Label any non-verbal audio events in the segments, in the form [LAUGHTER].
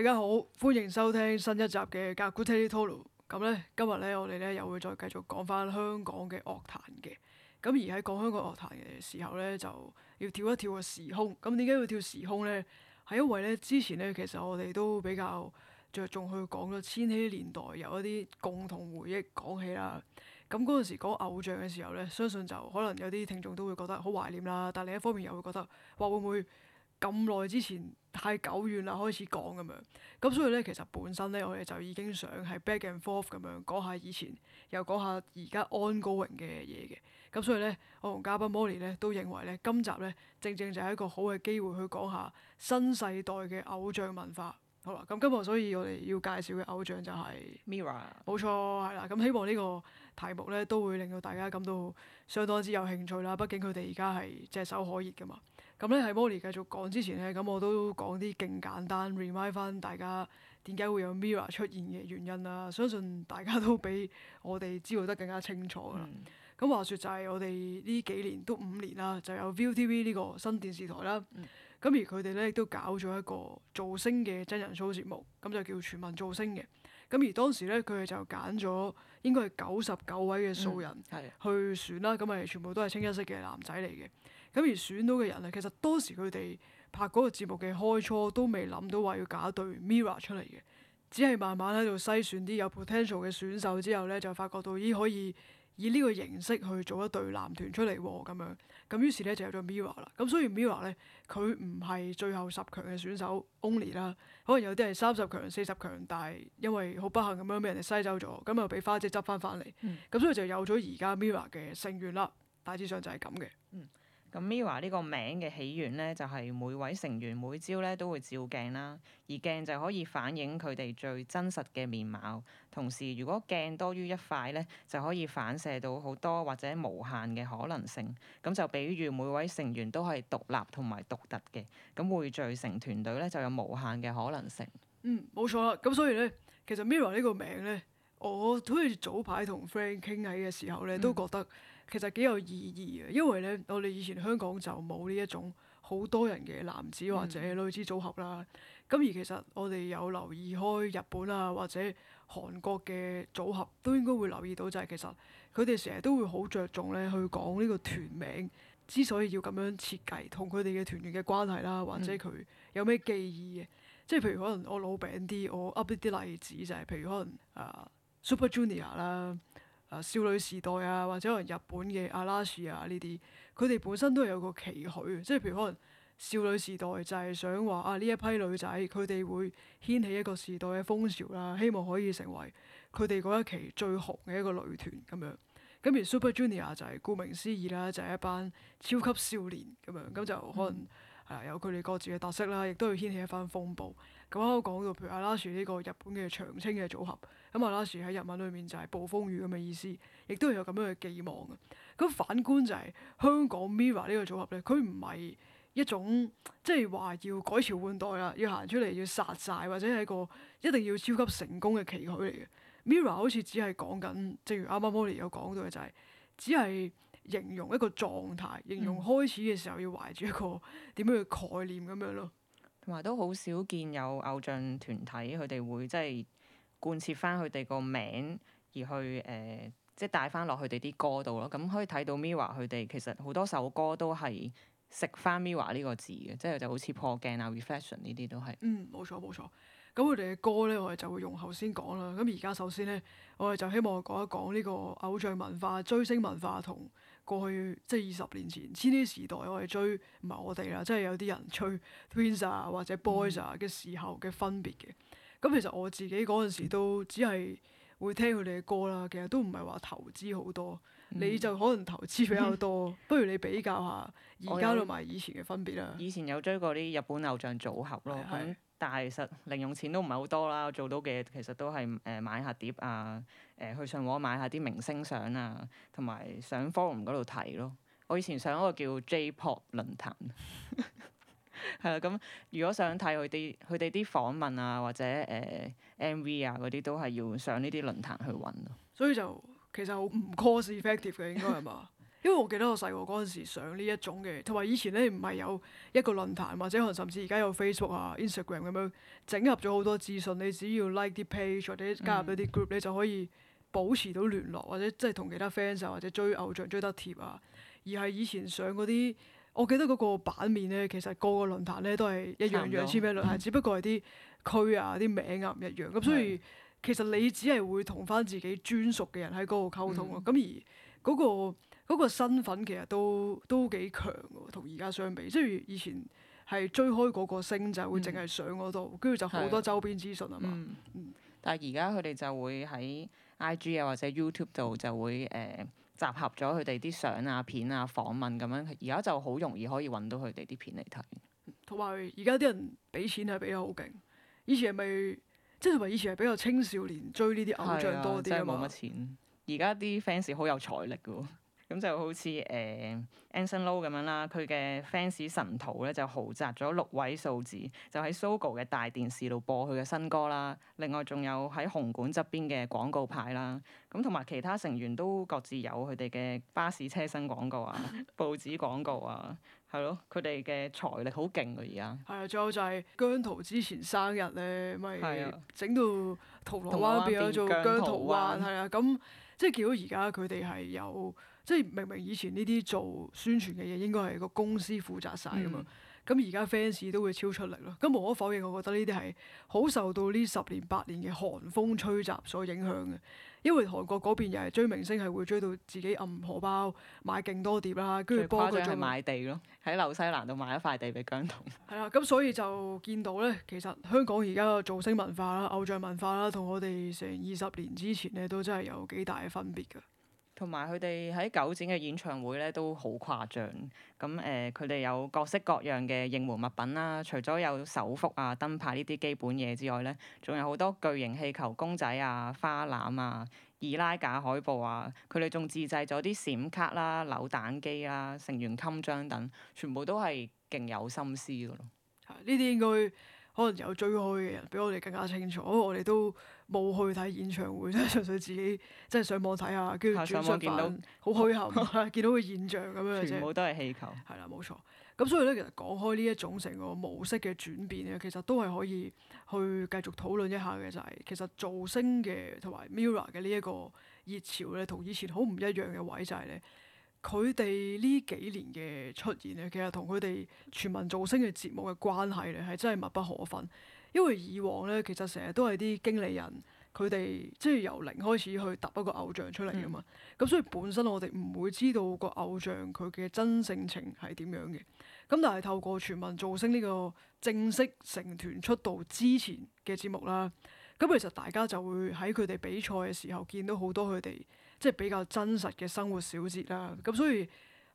大家好，歡迎收聽新一集嘅《Guitar Tutorial》。咁咧，今日咧，我哋咧又會再繼續講翻香港嘅樂壇嘅。咁而喺講香港樂壇嘅時候咧，就要跳一跳個時空。咁點解要跳時空咧？係因為咧，之前咧，其實我哋都比較着重去講咗千禧年代，有一啲共同回憶講起啦。咁嗰陣時講偶像嘅時候咧，相信就可能有啲聽眾都會覺得好懷念啦。但另一方面又會覺得，話會唔會咁耐之前？太久遠啦，開始講咁樣，咁所以咧，其實本身咧，我哋就已經想係 back and forth 咁樣講下以前，又講下而家 on-going 嘅嘢嘅。咁所以咧，我同嘉賓 Molly 咧都認為咧，今集咧正正就係一個好嘅機會去講下新世代嘅偶像文化。好啦，咁今日所以我哋要介紹嘅偶像就係 Mirror。冇錯，係啦。咁希望呢個題目咧都會令到大家感到相當之有興趣啦。畢竟佢哋而家係炙手可熱噶嘛。咁咧喺 Molly 繼續講之前咧，咁我都講啲勁簡單，remind 翻大家點解會有 Mirror 出現嘅原因啦、啊。相信大家都比我哋知道得更加清楚啦。咁、嗯、話說就係我哋呢幾年都五年啦，就有 ViuTV 呢個新電視台啦。咁、嗯、而佢哋咧都搞咗一個造星嘅真人 show 節目，咁就叫全民造星嘅。咁而當時咧佢哋就揀咗應該係九十九位嘅素人去選啦，咁咪、嗯、全部都係清一色嘅男仔嚟嘅。咁而選到嘅人啊，其實當時佢哋拍嗰個節目嘅開初都未諗到話要搞一隊 MIRROR 出嚟嘅，只係慢慢喺度篩選啲有 potential 嘅選手之後咧，就發覺到咦可以以呢個形式去做一隊男團出嚟喎咁樣。咁於是咧就有咗 MIRROR 啦。咁所以 MIRROR 咧佢唔係最後十強嘅選手 only 啦，可能有啲係三十強、四十強，但係因為好不幸咁樣俾人哋篩走咗，咁又俾花姐執翻翻嚟。咁、嗯、所以就有咗而家 MIRROR 嘅成員啦。大致上就係咁嘅。嗯咁 MIRROR 呢個名嘅起源咧，就係、是、每位成員每朝咧都會照鏡啦，而鏡就可以反映佢哋最真實嘅面貌。同時，如果鏡多於一塊咧，就可以反射到好多或者無限嘅可能性。咁就比喻每位成員都係獨立同埋獨特嘅，咁匯聚成團隊咧就有無限嘅可能性。嗯，冇錯啦。咁所以咧，其實 MIRROR 呢個名咧，我好似早排同 friend 傾偈嘅時候咧，都覺得、嗯。其實幾有意義嘅，因為咧，我哋以前香港就冇呢一種好多人嘅男子或者女子組合啦。咁、嗯、而其實我哋有留意開日本啊或者韓國嘅組合，都應該會留意到，就係其實佢哋成日都會好着重咧去講呢個團名，之所以要咁樣設計，同佢哋嘅團員嘅關係啦，或者佢有咩記憶嘅。即係、嗯、譬如可能我老餅啲，我噏啲啲例子就係、是、譬如可能啊、呃、Super Junior 啦。啊，少女時代啊，或者可能日本嘅阿拉士啊呢啲，佢哋本身都係有個期許，即係譬如可能少女時代就係想話啊呢一批女仔佢哋會掀起一個時代嘅風潮啦，希望可以成為佢哋嗰一期最紅嘅一個女團咁樣。咁而 Super Junior 就係顧名思義啦，就係一班超級少年咁樣，咁就可能、嗯。啊！有佢哋各自嘅特色啦，亦都要掀起一番風暴。咁啱啱講到，譬如阿拉樹呢個日本嘅長青嘅組合，咁阿拉樹喺日文裏面就係暴風雨咁嘅意思，亦都係有咁樣嘅寄望。咁反觀就係、是、香港 MIRROR 呢個組合咧，佢唔係一種即係話要改朝換代啦，要行出嚟要殺晒，或者係一個一定要超級成功嘅期許嚟嘅。MIRROR 好似只係講緊，正如啱啱 Molly 有講到嘅，就係、是、只係。形容一個狀態，形容開始嘅時候要懷住一個點樣嘅概念咁樣咯。同埋都好少見有偶像團體佢哋會即係貫徹翻佢哋個名而去誒，即係帶翻落佢哋啲歌度咯。咁可以睇到 MIRROR 佢哋其實好多首歌都係食翻 MIRROR 呢個字嘅，即係就好似破鏡啊、reflection 呢啲都係。嗯，冇錯冇錯。咁佢哋嘅歌咧，我哋就會用後先講啦。咁而家首先咧，我哋就希望講一講呢個偶像文化、追星文化同過去即係二十年前千禧時代我哋追唔係我哋啦，即係有啲人追 Twins 啊或者 Boys 嘅、啊、時候嘅分別嘅。咁、嗯、其實我自己嗰陣時都只係會聽佢哋嘅歌啦，其實都唔係話投資好多。嗯、你就可能投資比較多，嗯、 [LAUGHS] 不如你比較下而家同埋以前嘅分別啦。以前有追過啲日本偶像組合咯。的但係其實零用錢都唔係好多啦。我做到嘅其實都係誒買下碟啊，誒、呃、去上網買一下啲明星相啊，同埋上 forum 嗰度睇咯。我以前上嗰個叫 J Pop 論壇係啊。 [LAUGHS] [LAUGHS] 咁如果想睇佢啲佢哋啲訪問啊，或者誒、呃、MV 啊嗰啲，都係要上呢啲論壇去揾咯。所以就其實好唔 cost effective 嘅，應該係嘛？因為我記得我細個嗰陣時上呢一種嘅，同埋以前咧唔係有一個論壇，或者可能甚至而家有 Facebook 啊、Instagram 咁樣整合咗好多資訊。你只要 like 啲 page 或者加入一啲 group，你就可以保持到聯絡，或者即係同其他 fans 啊或者追偶像追得貼啊。而係以前上嗰啲，我記得嗰個版面咧，其實個個論壇咧都係一樣樣簽名論壇，嗯、只不過係啲區啊、啲名啊唔一樣。咁所以是其實你只係會同翻自己專屬嘅人喺嗰度溝通咯。咁、嗯嗯、而嗰、嗰個。嗰個身份其實都都幾強喎、哦，同而家相比，即係以前係追開嗰個星就係會淨係、嗯、上嗰、那、度、個，跟住就好多周邊資訊啊嘛。嗯嗯、但係而家佢哋就會喺 IG 又或者 YouTube 度就會誒、呃、集合咗佢哋啲相啊、片啊、訪問咁樣，而家就好容易可以揾到佢哋啲片嚟睇、嗯。同埋而家啲人俾錢係比較好勁，以前係咪即係話以前係比較青少年追呢啲偶像多啲啊、嗯？嗯、即冇乜錢，而家啲 fans 好有財力嘅喎。咁就好似誒、欸、Anson Lo 咁樣啦，佢嘅 fans 神徒咧就豪砸咗六位數字，就喺 Sogo 嘅大電視度播佢嘅新歌啦。另外仲有喺紅館側邊嘅廣告牌啦，咁同埋其他成員都各自有佢哋嘅巴士車身廣告啊、報紙廣告 [LAUGHS] 啊，係咯，佢哋嘅財力好勁啊！而家係啊，最後就係姜濤之前生日咧，咪、啊、整到銅鑼灣邊變咗做姜濤灣，係啊灣，咁即係見到而家佢哋係有。即係明明以前呢啲做宣傳嘅嘢應該係個公司負責晒㗎嘛，咁而家 fans 都會超出力咯。咁無可否認，我覺得呢啲係好受到呢十年八年嘅韓風吹襲所影響嘅。嗯、因為韓國嗰邊又係追明星係會追到自己暗荷包買勁多碟啦，跟住幫佢。最誇張就係買地咯，喺紐西蘭度買一塊地俾姜濤。係啦，咁所以就見到咧，其實香港而家嘅造星文化啦、偶像文化啦，同我哋成二十年之前咧，都真係有幾大嘅分別㗎。同埋佢哋喺九展嘅演唱會咧都好誇張，咁誒佢哋有各式各樣嘅應援物品啦，除咗有手幅啊、燈牌呢啲基本嘢之外咧，仲有好多巨型氣球、公仔啊、花籃啊、易拉架海報啊，佢哋仲自製咗啲閃卡啦、啊、扭蛋機啦、啊、成員襟章等，全部都係勁有心思噶咯。呢啲應該可能有追開嘅人比我哋更加清楚，我哋都。冇去睇演唱會，都純粹自己即係上網睇下，跟住轉出發，好虛構。見到個 [LAUGHS] 現象咁樣，全部都係氣球。係啦，冇錯。咁所以咧，其實講開呢一種成個模式嘅轉變咧，其實都係可以去繼續討論一下嘅。就係、是、其實造星嘅同埋 MIRROR 嘅呢一個熱潮咧，同以前好唔一樣嘅位就係、是、咧，佢哋呢幾年嘅出現咧，其實同佢哋全民造星嘅節目嘅關係咧，係真係密不可分。因為以往咧，其實成日都係啲經理人，佢哋即係由零開始去揼一個偶像出嚟㗎嘛，咁、嗯、所以本身我哋唔會知道個偶像佢嘅真性情係點樣嘅。咁但係透過全民造星呢、呢個正式成團出道之前嘅節目啦，咁其實大家就會喺佢哋比賽嘅時候見到好多佢哋即係比較真實嘅生活小節啦。咁所以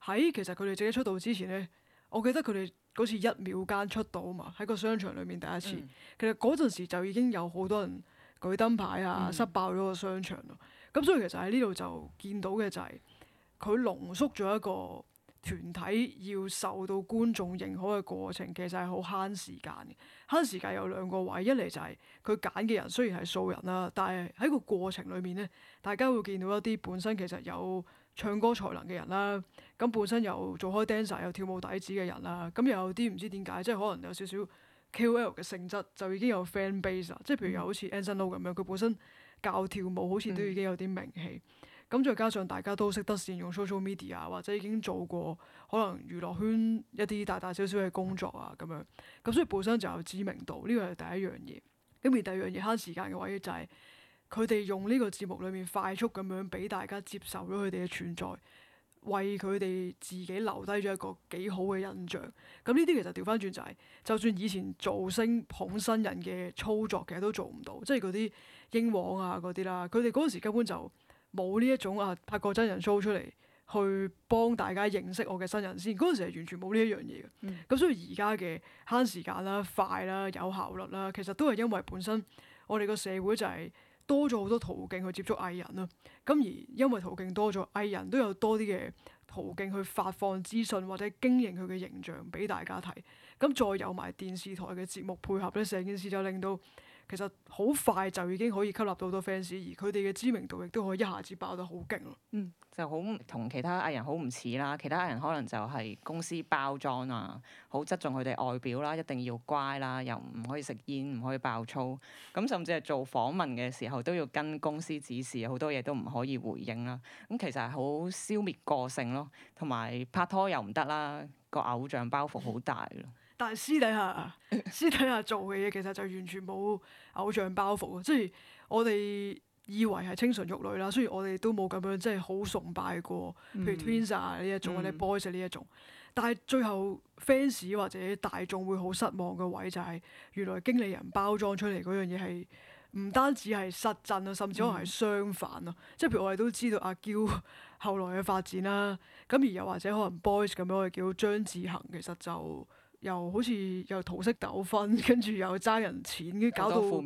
喺其實佢哋自己出道之前咧。我記得佢哋嗰次一秒間出道啊嘛，喺個商場裏面第一次。嗯、其實嗰陣時就已經有好多人舉燈牌啊，塞爆咗個商場咯。咁、嗯、所以其實喺呢度就見到嘅就係、是、佢濃縮咗一個團體要受到觀眾認可嘅過程，其實係好慳時間嘅。慳時間有兩個位，一嚟就係佢揀嘅人雖然係素人啦，但係喺個過程裏面咧，大家會見到一啲本身其實有唱歌才能嘅人啦，咁本身有做開 dancer 有跳舞底子嘅人啦，咁又有啲唔知點解，即係可能有少少 KOL 嘅性質，就已經有 fan base 啦。即係譬如好似 Anson Lo 咁樣，佢本身教跳舞，好似都已經有啲名氣。咁再、嗯、加上大家都識得善用 social media，啊，或者已經做過可能娛樂圈一啲大大小小嘅工作啊咁樣。咁所以本身就有知名度，呢個係第一樣嘢。咁而第二樣嘢慳時間嘅話、呢，就係。佢哋用呢個節目裏面快速咁樣俾大家接受咗佢哋嘅存在，為佢哋自己留低咗一個幾好嘅印象。咁呢啲其實掉返轉就係、是，就算以前造星捧新人嘅操作，其實都做唔到，即係嗰啲英皇啊嗰啲啦，佢哋嗰陣時根本就冇呢一種啊拍個真人 show 出嚟，去幫大家認識我嘅新人先。嗰陣時係完全冇呢一樣嘢嘅。咁、嗯、所以而家嘅慳時間啦、啊、快啦、啊、有效率啦、啊，其實都係因為本身我哋個社會就係、是。多咗好多途徑去接觸藝人囉，咁而因為途徑多咗，藝人都有多啲嘅途徑去發放資訊或者經營佢嘅形象俾大家睇，咁再有埋電視台嘅節目配合咧，成件事就令到其實好快就已經可以吸納到好多 fans，而佢哋嘅知名度亦都可以一下子爆得好勁咯，嗯。就好同其他藝人好唔似啦，其他藝人可能就係公司包裝啊，好側重佢哋外表啦，一定要乖啦，又唔可以食煙，唔可以爆粗，咁甚至係做訪問嘅時候都要跟公司指示，好多嘢都唔可以回應啦。咁其實係好消滅個性咯，同埋拍拖又唔得啦，個偶像包袱好大咯。但係私底下， [LAUGHS] 私底下做嘅嘢其實就完全冇偶像包袱，即係我哋。以為係清純玉女啦，雖然我哋都冇咁樣即係好崇拜過，嗯、譬如 Twins 啊呢一種，或者、嗯、Boys 啊呢一種，但係最後 fans 或者大眾會好失望嘅位就係原來經理人包裝出嚟嗰樣嘢係唔單止係失真啊，甚至可能係相反啊，嗯、即係譬如我哋都知道阿嬌後來嘅發展啦，咁而又或者可能 Boys 咁樣，我哋叫張致恆，其實就。又好似又桃色糾紛，跟住又爭人錢，跟住搞到極多極多負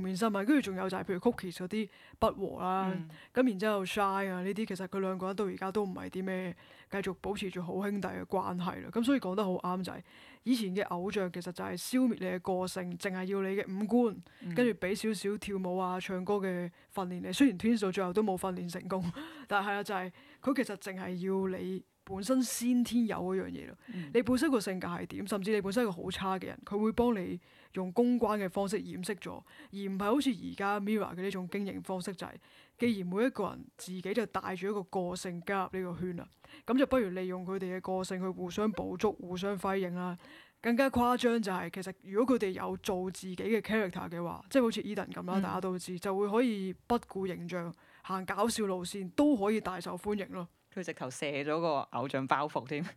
面新聞。跟住仲有就係譬如 Cookies 嗰啲不和啦，咁、嗯、然之後 Shine 啊呢啲，其實佢兩個人到而家都唔係啲咩，繼續保持住好兄弟嘅關係啦。咁所以講得好啱就係、是，以前嘅偶像其實就係消滅你嘅個性，淨係要你嘅五官，嗯、跟住俾少少跳舞啊、唱歌嘅訓練你。雖然 Twins 最後都冇訓練成功，但係啊，就係、是、佢其實淨係要你。本身先天有嗰樣嘢咯，嗯、你本身個性格係點，甚至你本身係一個好差嘅人，佢會幫你用公關嘅方式掩飾咗，而唔係好似而家 Mirror 嘅呢種經營方式就係、是、既然每一個人自己就帶住一個個性加入呢個圈啦，咁就不如利用佢哋嘅個性去互相補足、互相輝映啦。更加誇張就係、是、其實如果佢哋有做自己嘅 character 嘅話，即係好似 Edan 咁啦，大家都知，嗯、就會可以不顧形象行搞笑路線都可以大受歡迎咯。佢直頭卸咗個偶像包袱添。 [MUSIC]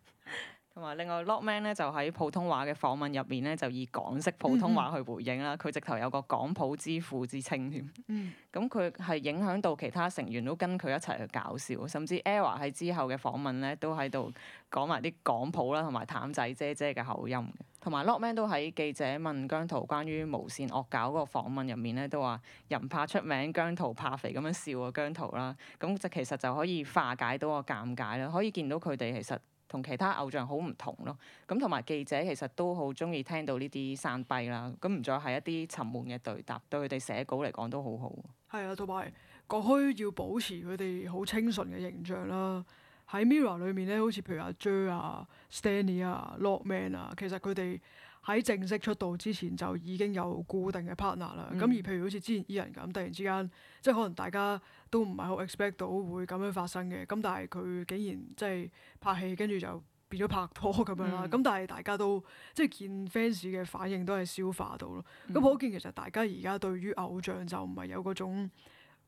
同埋另外 Lockman 咧就喺普通話嘅訪問入面咧就以港式普通話去回應啦，佢 [LAUGHS] 直頭有個港普之父之稱添。嗯，咁佢係影響到其他成員都跟佢一齊去搞笑， [LAUGHS] 甚至 e、ER、r a 喺之後嘅訪問咧都喺度講埋啲港普啦同埋譚仔姐姐嘅口音。同埋 [LAUGHS] Lockman 都喺記者問姜濤關於無線惡搞個訪問入面咧都話人怕出名，姜濤怕肥咁樣笑啊姜濤啦，咁就其實就可以化解到個尷尬啦，可以見到佢哋其實。同其他偶像好唔同咯，咁同埋記者其實都好中意聽到呢啲山幣啦，咁唔再係一啲沉悶嘅對答，對佢哋寫稿嚟講都好好。係啊，同埋各區要保持佢哋好清純嘅形象啦。喺 Mirror 裏面咧，好似譬如阿 Jer 啊、Stanley 啊、Lockman 啊，其實佢哋。喺正式出道之前就已經有固定嘅 partner 啦，咁、嗯、而譬如好似之前 Ian 咁，突然之間即係可能大家都唔係好 expect 到會咁樣發生嘅，咁但係佢竟然即係拍戲跟住就變咗拍拖咁樣啦，咁、嗯、但係大家都即係見 fans 嘅反應都係消化到咯，咁好見其實大家而家對於偶像就唔係有嗰種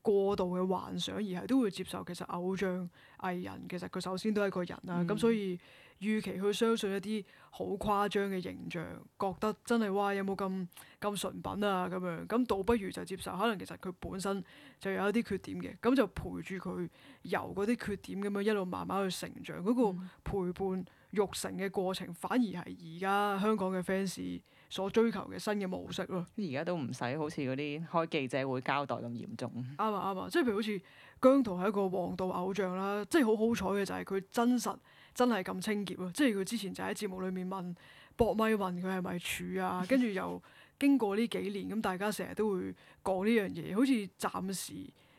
過度嘅幻想，而係都會接受其實偶像藝人其實佢首先都係一個人啦，咁、嗯、所以。預期去相信一啲好誇張嘅形象，覺得真係哇，有冇咁咁純品啊？咁樣，咁倒不如就接受，可能其實佢本身就有一啲缺點嘅，咁就陪住佢由嗰啲缺點咁樣一路慢慢去成長。嗰、嗯、個陪伴育成嘅過程，反而係而家香港嘅 fans 所追求嘅新嘅模式咯。而家都唔使好似嗰啲開記者會交代咁嚴重，啱啊啱啊！即係譬如好似姜濤係一個王道偶像啦，即係好好彩嘅就係佢真實。真係咁清潔啊！即係佢之前就喺節目裏面問博咪，問佢係咪處啊？跟住又經過呢幾年，咁大家成日都會講呢樣嘢，好似暫時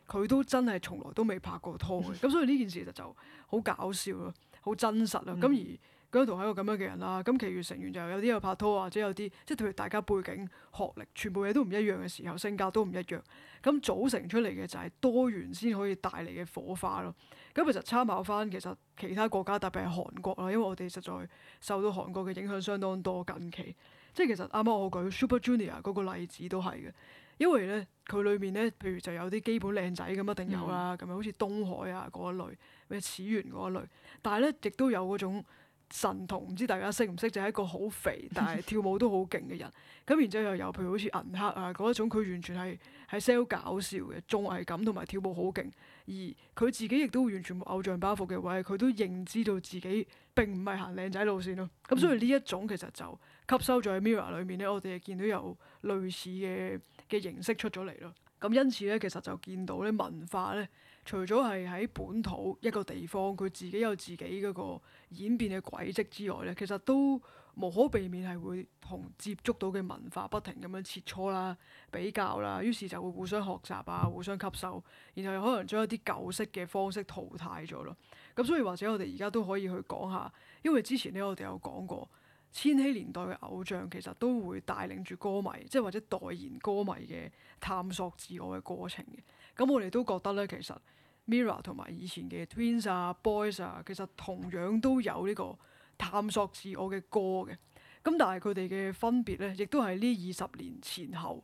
佢都真係從來都未拍過拖咁 [LAUGHS] 所以呢件事其實就好搞笑咯，好真實啊。咁而、嗯咁同係一個咁樣嘅人啦，咁其餘成員就有啲有拍拖或者有啲，即係譬如大家背景、學歷，全部嘢都唔一樣嘅時候，性格都唔一樣。咁組成出嚟嘅就係多元先可以帶嚟嘅火花咯。咁其實參考翻其實其他國家，特別係韓國啦，因為我哋實在受到韓國嘅影響相當多。近期即係其實啱啱我舉 Super Junior 嗰個例子都係嘅，因為咧佢裏面咧，譬如就有啲基本靚仔咁一定有啦，咁啊好似東海啊嗰一類，咩始源嗰一類，但係咧亦都有嗰種。神童唔知大家識唔識，就係、是、一個好肥，但係跳舞都好勁嘅人。咁 [LAUGHS] 然之後又譬如好似銀赫啊嗰一種，佢完全係係 sell 搞笑嘅，綜藝感同埋跳舞好勁，而佢自己亦都完全冇偶像包袱嘅，話佢都認知道自己並唔係行靚仔路線咯。咁、嗯、所以呢一種其實就吸收咗喺 Mirror 裏面咧，我哋就見到有類似嘅嘅形式出咗嚟咯。咁因此咧，其實就見到咧文化咧。除咗係喺本土一個地方，佢自己有自己嗰個演變嘅軌跡之外咧，其實都無可避免係會同接觸到嘅文化不停咁樣切磋啦、比較啦，於是就會互相學習啊、互相吸收，然後又可能將一啲舊式嘅方式淘汰咗咯。咁所以或者我哋而家都可以去講下，因為之前咧我哋有講過，千禧年代嘅偶像其實都會帶領住歌迷，即係或者代言歌迷嘅探索自我嘅過程嘅。咁我哋都覺得咧，其實～Mirror 同埋以前嘅 Twins 啊、Boys 啊，其實同樣都有呢個探索自我嘅歌嘅。咁但係佢哋嘅分別咧，亦都係呢二十年前後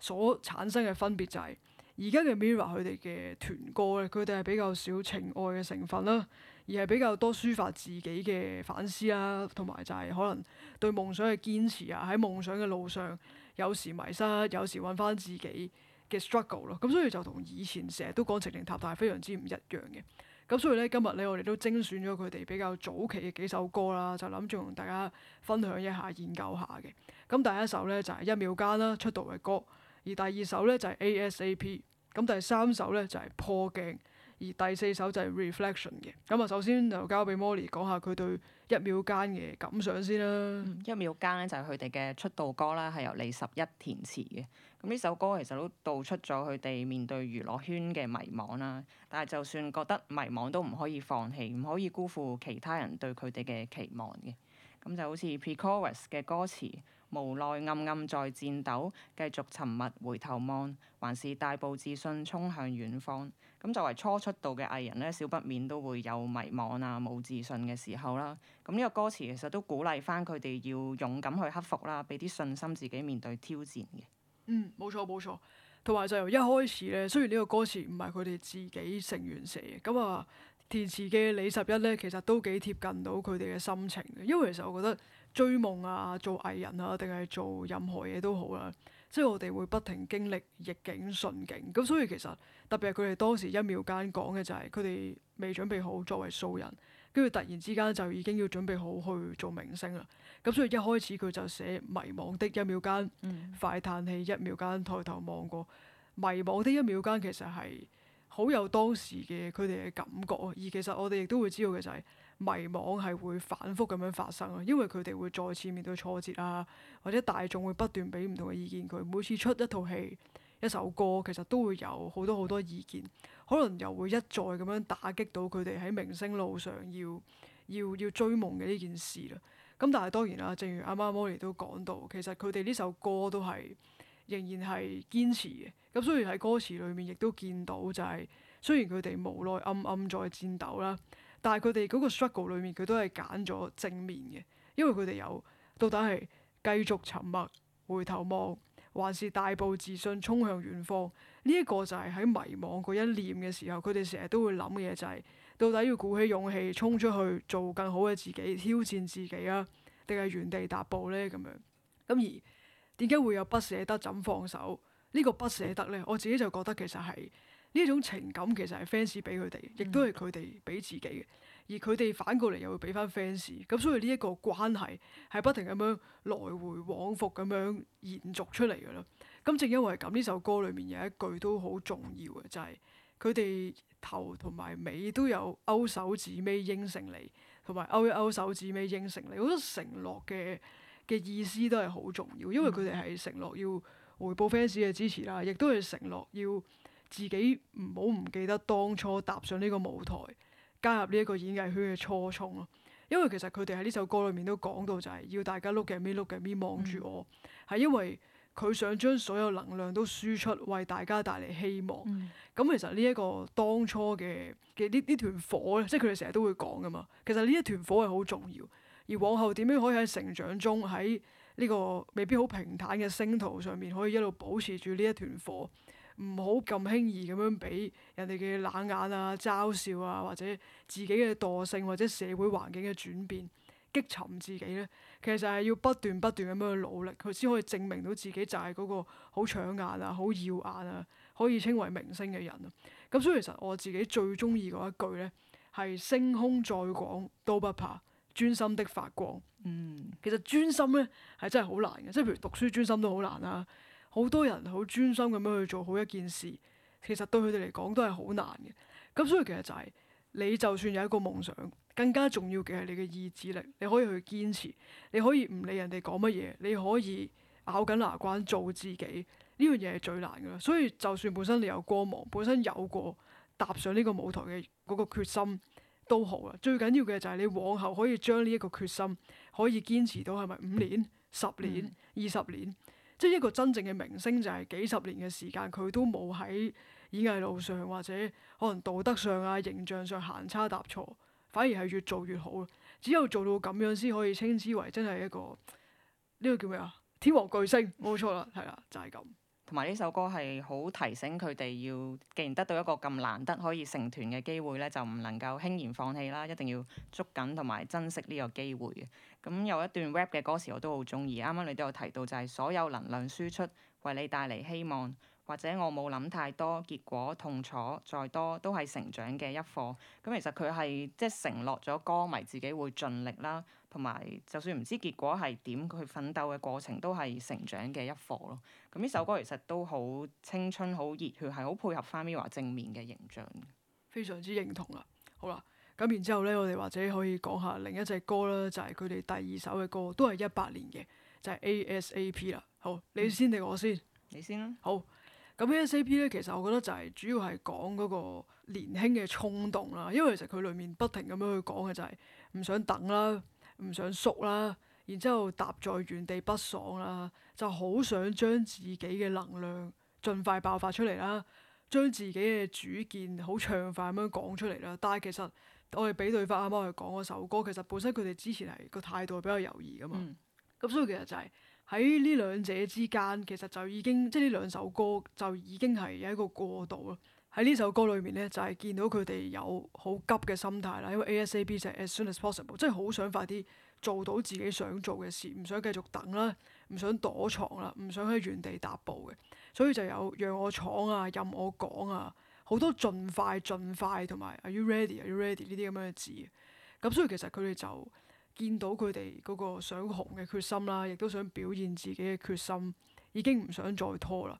所產生嘅分別，就係，就係而家嘅 Mirror 佢哋嘅團歌咧，佢哋係比較少情愛嘅成分啦，而係比較多抒發自己嘅反思啊，同埋就係可能對夢想嘅堅持啊，喺夢想嘅路上，有時迷失，有時揾翻自己嘅 struggle 咯，咁所以就同以前成日都講情情塔塔係非常之唔一樣嘅。咁所以咧，今日咧我哋都精選咗佢哋比較早期嘅幾首歌啦，就諗住同大家分享一下，研究下嘅。咁第一首咧就係一秒間啦，出道嘅歌。而第二首咧就係 ASAP。咁第三首咧就係破鏡，而第四首就係 Reflection 嘅。咁啊，首先就交俾 Molly 講下佢對一秒間嘅感想先啦。一秒間咧就係佢哋嘅出道歌啦，係由李十一填詞嘅。咁呢首歌其實都道出咗佢哋面對娛樂圈嘅迷茫啦。但係就算覺得迷茫都唔可以放棄，唔可以辜負其他人對佢哋嘅期望嘅。咁就好似 Pikores 嘅歌詞，無奈暗暗在戰鬥，繼續沉默回頭望，還是大步自信衝向遠方。咁作為初出道嘅藝人咧，少不免都會有迷茫啊、冇自信嘅時候啦。咁呢個歌詞其實都鼓勵翻佢哋要勇敢去克服啦，俾啲信心自己面對挑戰嘅。嗯，冇錯冇錯，同埋就由一開始咧，雖然呢個歌詞唔係佢哋自己成員寫，咁啊填詞嘅李十一咧，其實都幾貼近到佢哋嘅心情。因為其實我覺得追夢啊、做藝人啊，定係做任何嘢都好啦，即係我哋會不停經歷逆境順境。咁所以其實特別係佢哋當時一秒間講嘅就係佢哋未準備好作為素人。跟住突然之間就已經要準備好去做明星啦。咁所以一開始佢就寫迷惘的一秒間，嗯、快嘆氣一秒間，抬頭望過迷惘的一秒間，其實係好有當時嘅佢哋嘅感覺，而其實我哋亦都會知道嘅就係迷惘係會反覆咁樣發生啊，因為佢哋會再次面對挫折啊，或者大眾會不斷俾唔同嘅意見。佢每次出一套戲。一首歌其實都會有好多好多意見，可能又會一再咁樣打擊到佢哋喺明星路上要要要追夢嘅呢件事啦。咁但係當然啦，正如阿媽摩 o 都講到，其實佢哋呢首歌都係仍然係堅持嘅。咁雖然喺歌詞裏面亦都見到就係、是、雖然佢哋無奈暗暗在戰鬥啦，但係佢哋嗰個 struggle 裏面，佢都係揀咗正面嘅，因為佢哋有到底係繼續沉默回頭望。還是大步自信衝向遠方，呢一個就係喺迷惘嗰一念嘅時候，佢哋成日都會諗嘅嘢就係，到底要鼓起勇氣衝出去做更好嘅自己，挑戰自己啊，定係原地踏步咧咁樣？咁而點解會有不捨得怎放手呢個不捨得咧？我自己就覺得其實係呢一種情感，其實係 fans 俾佢哋，亦都係佢哋俾自己嘅。而佢哋反過嚟又會俾翻 fans，咁所以呢一個關係係不停咁樣來回往復咁樣延續出嚟噶囉。咁正因為咁，呢首歌裏面有一句都好重要嘅，就係佢哋頭同埋尾都有勾手指尾應承你，同埋勾一勾手指尾應承你。我覺得承諾嘅嘅意思都係好重要，因為佢哋係承諾要回報 fans 嘅支持啦，亦都係承諾要自己唔好唔記得當初踏上呢個舞台。加入呢一個演藝圈嘅初衷咯，因為其實佢哋喺呢首歌裏面都講到，就係要大家 look at me look at me，望住我，係、嗯、因為佢想將所有能量都輸出，為大家帶嚟希望。咁、嗯、其實呢一個當初嘅嘅呢呢團火咧，即係佢哋成日都會講㗎嘛。其實呢一團火係好重要，而往後點樣可以喺成長中喺呢個未必好平坦嘅星途上面，可以一路保持住呢一團火。唔好咁輕易咁樣俾人哋嘅冷眼啊、嘲笑啊，或者自己嘅惰性或者社會環境嘅轉變擊沉自己咧。其實係要不斷不斷咁樣去努力，佢先可以證明到自己就係嗰個好搶眼啊、好耀眼啊，可以稱為明星嘅人啊。咁所以其實我自己最中意嗰一句咧係星空再廣都不怕，專心的發光。嗯，其實專心咧係真係好難嘅，即係譬如讀書專心都好難啦、啊。好多人好專心咁樣去做好一件事，其實對佢哋嚟講都係好難嘅。咁所以其實就係，你就算有一個夢想，更加重要嘅係你嘅意志力。你可以去堅持，你可以唔理人哋講乜嘢，你可以咬緊牙關做自己。呢樣嘢係最難㗎啦。所以就算本身你有光芒，本身有過踏上呢個舞台嘅嗰個決心都好啦。最緊要嘅就係你往後可以將呢一個決心可以堅持到係咪五年、十年、二十年？即係一個真正嘅明星，就係幾十年嘅時間，佢都冇喺演藝路上或者可能道德上啊、形象上行差踏錯，反而係越做越好咯。只有做到咁樣先可以稱之為真係一個呢個叫咩啊？天王巨星冇錯啦，係啦，就係咁。同埋呢首歌係好提醒佢哋，要既然得到一個咁難得可以成團嘅機會咧，就唔能夠輕言放棄啦，一定要捉緊同埋珍惜呢個機會嘅。咁有一段 rap 嘅歌詞我都好中意，啱啱你都有提到就係所有能量輸出為你帶嚟希望，或者我冇諗太多，結果痛楚再多都係成長嘅一課。咁其實佢係即係承諾咗歌迷自己會盡力啦，同埋就算唔知結果係點，佢奮鬥嘅過程都係成長嘅一課咯。咁呢首歌其實都好青春、好熱血，係好配合 MIRROR 正面嘅形象。非常之認同啦，好啦。咁然之後咧，我哋或者可以講下另一隻歌啦，就係佢哋第二首嘅歌，都係一八年嘅，就係、係、A.S.A.P. 啦。好，你先定、嗯、我先，你先啦。好，咁 A.S.A.P. 咧，其實我覺得就係主要係講嗰個年輕嘅衝動啦，因為其實佢裏面不停咁樣去講嘅就係唔想等啦，唔想熟啦，然之後踏在原地不爽啦，就好想將自己嘅能量盡快爆發出嚟啦，將自己嘅主見好暢快咁樣講出嚟啦。但係其實，我哋比對返啱啱我哋講嗰首歌，其實本身佢哋之前係個態度比較猶豫噶嘛，咁所以其實就係喺呢兩者之間，其實就已經即係呢兩首歌就已經係有一個過渡咯。喺呢首歌裏面咧，就係見到佢哋有好急嘅心態啦，因為 A S A P 就係 As Soon As Possible，即係好想快啲做到自己想做嘅事，唔想繼續等啦，唔想躲藏啦，唔想喺原地踏步嘅。所以就有讓我闖啊，任我講啊。好多盡快、盡快同埋 Are you ready？Are you ready？呢啲咁樣嘅字，咁所以其實佢哋就見到佢哋嗰個想紅嘅決心啦，亦都想表現自己嘅決心，已經唔想再拖啦。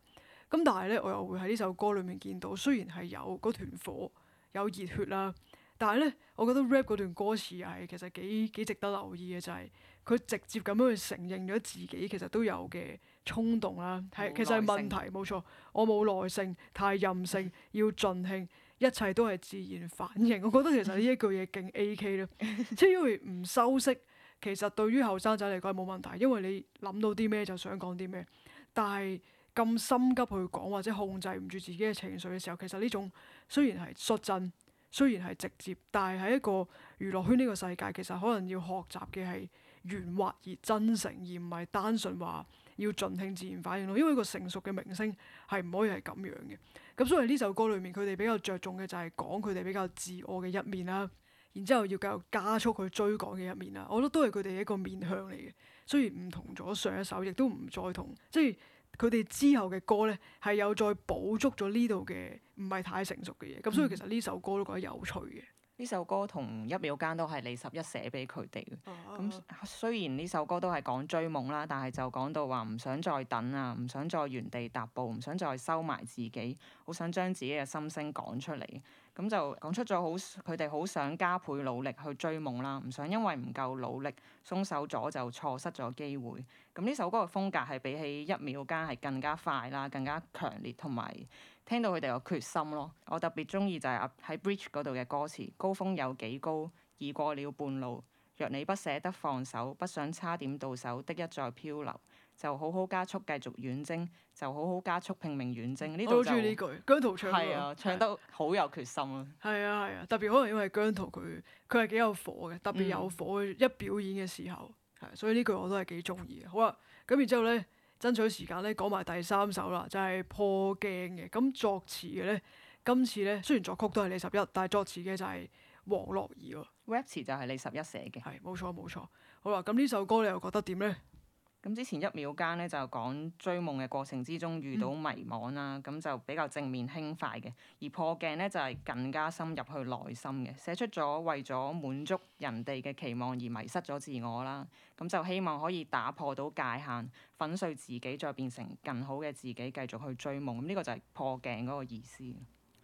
咁但係咧，我又會喺呢首歌裏面見到，雖然係有嗰團火有熱血啦，但係咧，我覺得 rap 嗰段歌詞係其實幾幾值得留意嘅就係、是。佢直接咁樣去承認咗自己其實都有嘅衝動啦，係耐其實係問題冇錯。我冇耐性，太任性，要盡興，一切都係自然反應。 [LAUGHS] 我覺得其實呢一句嘢勁 A K 咯，即係因為唔修飾。其實對於後生仔嚟講係冇問題，因為你諗到啲咩就想講啲咩，但係咁心急去講或者控制唔住自己嘅情緒嘅時候，其實呢種雖然係率真，雖然係直接，但係喺一個娛樂圈呢個世界，其實可能要學習嘅係。圓滑而真誠，而唔係單純話要盡興自然反應咯。因為一個成熟嘅明星係唔可以係咁樣嘅。咁所以呢首歌裏面，佢哋比較着重嘅就係講佢哋比較自我嘅一面啦。然之後要繼續加速去追趕嘅一面啦。我覺得都係佢哋一個面向嚟嘅。雖然唔同咗上一首，亦都唔再同，即係佢哋之後嘅歌咧係有再補足咗呢度嘅唔係太成熟嘅嘢。咁所以其實呢首歌都覺得有趣嘅。呢首歌同一秒間都係李十一寫俾佢哋嘅，咁、oh, oh, oh. 雖然呢首歌都係講追夢啦，但係就講到話唔想再等啊，唔想再原地踏步，唔想再收埋自己，好想將自己嘅心聲講出嚟，咁就講出咗好，佢哋好想加倍努力去追夢啦，唔想因為唔夠努力鬆手咗就錯失咗機會。咁呢首歌嘅風格係比起一秒間係更加快啦，更加強烈同埋。聽到佢哋個決心咯，我特別中意就係喺《Bridge》嗰度嘅歌詞：高峰有幾高，已過了半路，若你不捨得放手，不想差點到手的一再漂流，就好好加速繼續遠征，就好好加速拼命遠征。呢句就我中意呢句，姜濤唱係啊，唱得好有決心咯。係啊係啊，啊，特別可能因為姜濤佢佢係幾有火嘅，特別有火一表演嘅時候係，嗯、所以呢句我都係幾中意嘅。好啦、啊，咁然之後咧。爭取時間咧，講埋第三首啦，就係破鏡嘅。咁作詞嘅咧，今次咧雖然作曲都係李十一，但係作詞嘅就係王樂儀喎。rap 詞就係李十一寫嘅。係，冇錯冇錯。好啦，咁呢首歌你又覺得點咧？咁之前一秒間咧就講追夢嘅過程之中遇到迷茫啦，咁、嗯、就比較正面輕快嘅；而破鏡咧就係、是、更加深入去內心嘅，寫出咗為咗滿足人哋嘅期望而迷失咗自我啦。咁就希望可以打破到界限，粉碎自己，再變成更好嘅自己，繼續去追夢。咁呢個就係破鏡嗰個意思。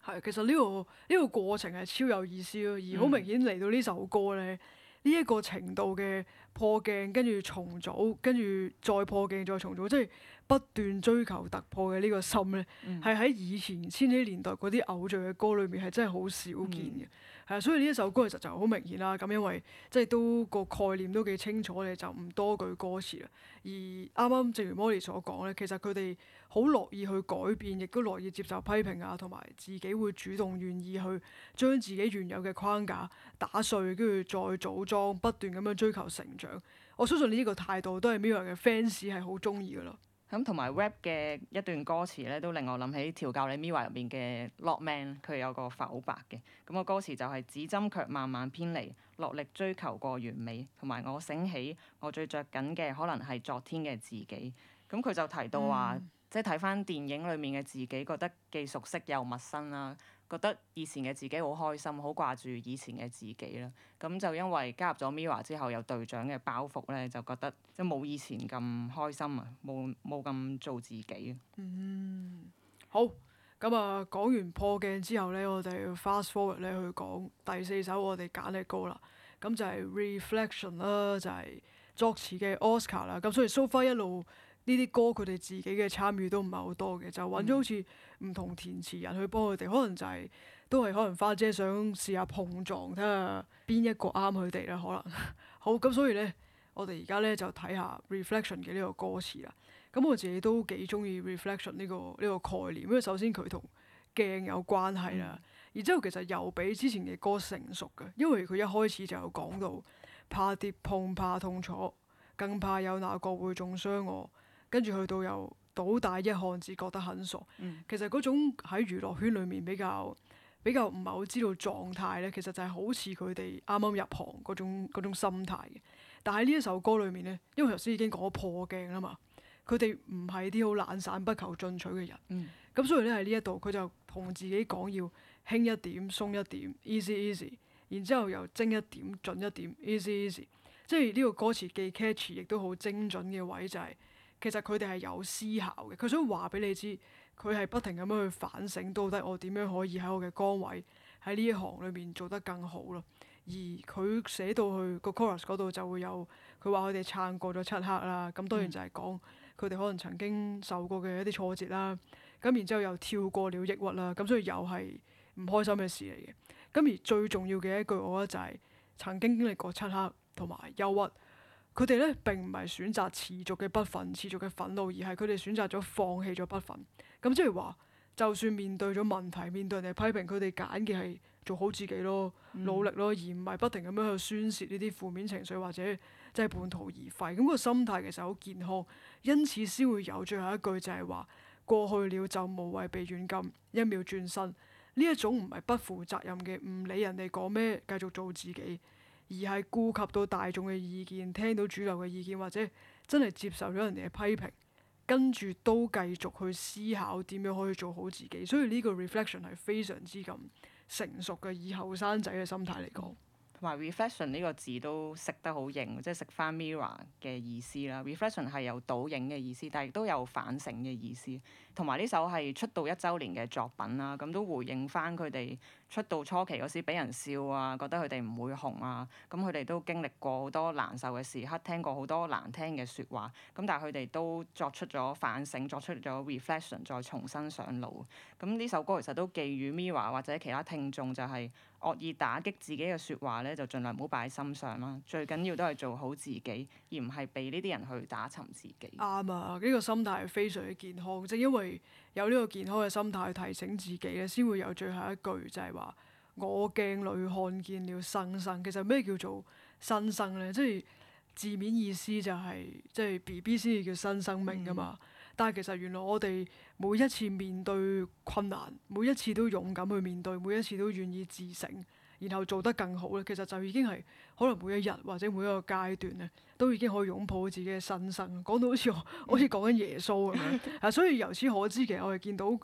係，其實呢、這個呢、這個過程係超有意思咯，而好明顯嚟到呢首歌咧。嗯嗯呢一個程度嘅破鏡，跟住重組，跟住再破鏡再重組，即係不斷追求突破嘅呢個心咧，係喺、嗯、以前千禧年代嗰啲偶像嘅歌裏面係真係好少見嘅，係啊、嗯，所以呢一首歌其實就好明顯啦。咁因為即係都個概念都幾清楚嘅，就唔多句歌詞啦。而啱啱正如 Molly 所講咧，其實佢哋，好樂意去改變，亦都樂意接受批評啊，同埋自己會主動願意去將自己原有嘅框架打碎，跟住再組裝，不斷咁樣追求成長。我相信呢個態度都係 Mirror 嘅 fans 係好中意噶啦。咁同埋 rap 嘅一段歌詞咧，都令我諗起調教你 Mirror 入邊嘅 Lokman，佢有個否白嘅。咁、個歌詞就係指針卻慢慢偏離，落力追求過完美，同埋我醒起我最着緊嘅可能係昨天嘅自己。咁佢就提到話、嗯。即係睇翻電影裡面嘅自己，覺得既熟悉又陌生啦、啊。覺得以前嘅自己好開心，好掛住以前嘅自己啦。咁就因為加入咗 MIRROR 之後，有隊長嘅包袱咧，就覺得即冇以前咁開心啊，冇冇咁做自己啊。嗯，好。咁啊，講完破鏡之後咧，我哋要 fast forward 咧去講第四首我哋揀嘅歌啦。咁就係 Reflection 啦，就係、是、作詞嘅 Oscar 啦。咁所以 so far 一路。呢啲歌佢哋自己嘅參與都唔係好多嘅，就揾咗好似唔同填詞人去幫佢哋，可能就係、係、都係可能花姐想試下碰撞睇下邊一個啱佢哋啦。可能 [LAUGHS] 好咁，所以咧我哋而家咧就睇下 Reflection 嘅呢個歌詞啦。咁我自己都幾中意 Reflection 呢、呢個呢、呢個概念，因為首先佢同鏡有關係啦，然之後其實又比之前嘅歌成熟㗎，因為佢一開始就講到怕跌碰，怕痛楚，更怕有哪個會中傷我。跟住去到又倒帶一漢字，覺得很傻。其實嗰種喺娛樂圈裏面比較比較唔係好知道狀態咧，其實就係好似佢哋啱啱入行嗰種嗰種心態嘅。但係呢一首歌裏面咧，因為頭先已經講破鏡啦嘛，佢哋唔係啲好懶散不求進取嘅人。咁所以咧喺呢一度佢就同自己講要輕一點、鬆一點，easy easy。然之後又精一點、準一點，easy easy。即係呢個歌詞既 catch 亦都好精準嘅位就係、是。其實佢哋係有思考嘅，佢想話俾你知，佢係不停咁樣去反省，到底我點樣可以喺我嘅崗位喺呢一行裏面做得更好咯。而佢寫到去個 chorus 嗰度就會有，佢話佢哋撐過咗漆黑啦。咁當然就係講佢哋可能曾經受過嘅一啲挫折啦。咁然之後又跳過了抑鬱啦。咁所以又係唔開心嘅事嚟嘅。咁而最重要嘅一句我覺得就係、是、曾經經歷過漆黑同埋憂鬱。佢哋咧並唔係選擇持續嘅不忿、持續嘅憤怒，而係佢哋選擇咗放棄咗不忿。咁即係話，就算面對咗問題、面對人哋批評，佢哋揀嘅係做好自己咯、努力咯，而唔係不停咁樣去宣泄呢啲負面情緒或者即係半途而廢。咁個心態其實好健康，因此先會有最後一句就係話：過去了就無謂被軟禁，一秒轉身。呢一種唔係不負責任嘅，唔理人哋講咩，繼續做自己。而係顧及到大眾嘅意見，聽到主流嘅意見，或者真係接受咗人哋嘅批評，跟住都繼續去思考點樣可以做好自己。所以呢個 reflection 係非常之咁成熟嘅，以後生仔嘅心態嚟講。同埋 reflection 呢個字都識得好型，即係食翻 mirror 嘅意思啦。reflection 係有倒影嘅意思，但係亦都有反省嘅意思。同埋呢首係出道一週年嘅作品啦，咁都回應翻佢哋出道初期嗰時俾人笑啊，覺得佢哋唔會紅啊，咁佢哋都經歷過好多難受嘅時刻，聽過好多難聽嘅説話，咁但係佢哋都作出咗反省，作出咗 reflection，再重新上路。咁呢首歌其實都寄予 MIRROR 或者其他聽眾、就是，就係惡意打擊自己嘅説話咧，就盡量唔好擺喺心上啦。最緊要都係做好自己，而唔係俾呢啲人去打沉自己。啱啊！呢、呢個心態係非常之健康，正因為，有呢個健康嘅心態提醒自己咧，先會有最後一句就係話，我鏡裏看見了新生。其實咩叫做新生咧？即係字面意思就係即係 B B 先至叫新生命噶嘛。嗯。但係其實原來我哋每一次面對困難，每一次都勇敢去面對，每一次都願意自省。然後做得更好咧，其實就已經係可能每一日或者每一個階段咧，都已經可以擁抱自己嘅新生。講到好似 [LAUGHS] 我好似講緊耶穌咁樣， [LAUGHS] 啊，所以由此可知，其實我哋見到誒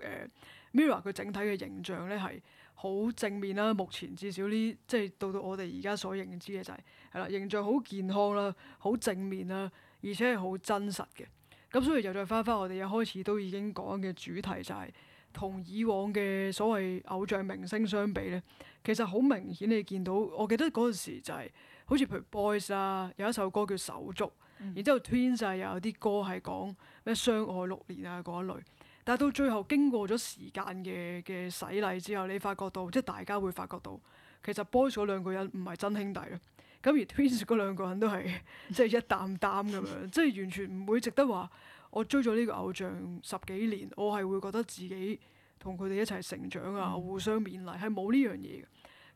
Mirror 佢整體嘅形象咧係好正面啦。目前至少呢，即係到到我哋而家所認知嘅就係係啦，形象好健康啦，好正面啦，而且係好真實嘅。咁所以又再翻返我哋一開始都已經講嘅主題就係、是。同以往嘅所謂偶像明星相比咧，其實好明顯你見到，我記得嗰陣時就係、是、好似譬如 Boys 啊，有一首歌叫手足，嗯、然之後 Twins 啊又有啲歌係講咩相愛六年啊嗰一類，但係到最後經過咗時間嘅嘅洗禮之後，你發覺到即係大家會發覺到，其實 Boys 嗰兩個人唔係真兄弟咯，咁而 Twins 嗰兩個人都係即係一擔擔咁樣，即係 [LAUGHS] 完全唔會值得話。我追咗呢個偶像十幾年，我係會覺得自己同佢哋一齊成長啊，互相勉勵，係冇呢樣嘢嘅。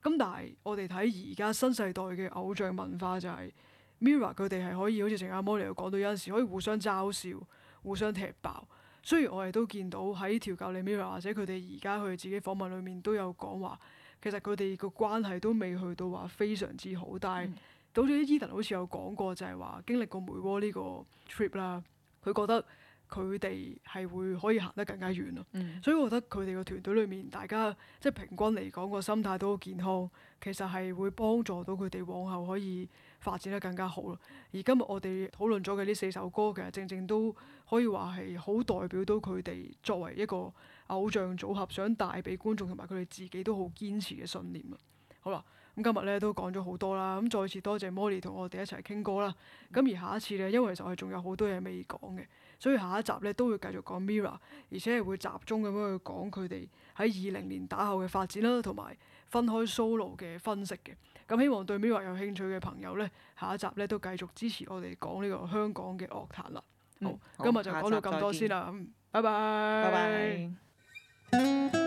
咁但係我哋睇而家新世代嘅偶像文化就係 MIRROR 佢哋係可以好似陳亞模尼，到講到有陣時可以互相嘲笑、互相踢爆。雖然我哋都見到喺調教你 MIRROR 或者佢哋而家去自己訪問裡面都有講話，其實佢哋個關係都未去到話非常之好。但係到咗 Edan，好似有講過就係話經歷過梅窩呢個 trip 啦。佢覺得佢哋係會可以行得更加遠咯，嗯、所以我覺得佢哋個團隊裏面大家即係平均嚟講個心態都好健康，其實係會幫助到佢哋往後可以發展得更加好咯。而今日我哋討論咗嘅呢四首歌，其實正正都可以話係好代表到佢哋作為一個偶像組合，想帶俾觀眾同埋佢哋自己都好堅持嘅信念啦。好啦。咁今日咧都講咗好多啦，咁再次多謝 Molly 同我哋一齊傾過啦。咁、嗯、而下一次咧，因為實係仲有好多嘢未講嘅，所以下一集咧都會繼續講 Mirror，而且係會集中咁樣去講佢哋喺二零年打後嘅發展啦，同埋分開 solo 嘅分析嘅。咁、嗯、希望對 Mirror 有興趣嘅朋友咧，下一集咧都繼續支持我哋講呢個香港嘅樂壇啦。好，嗯、好今日就講到咁多先啦，拜拜。拜拜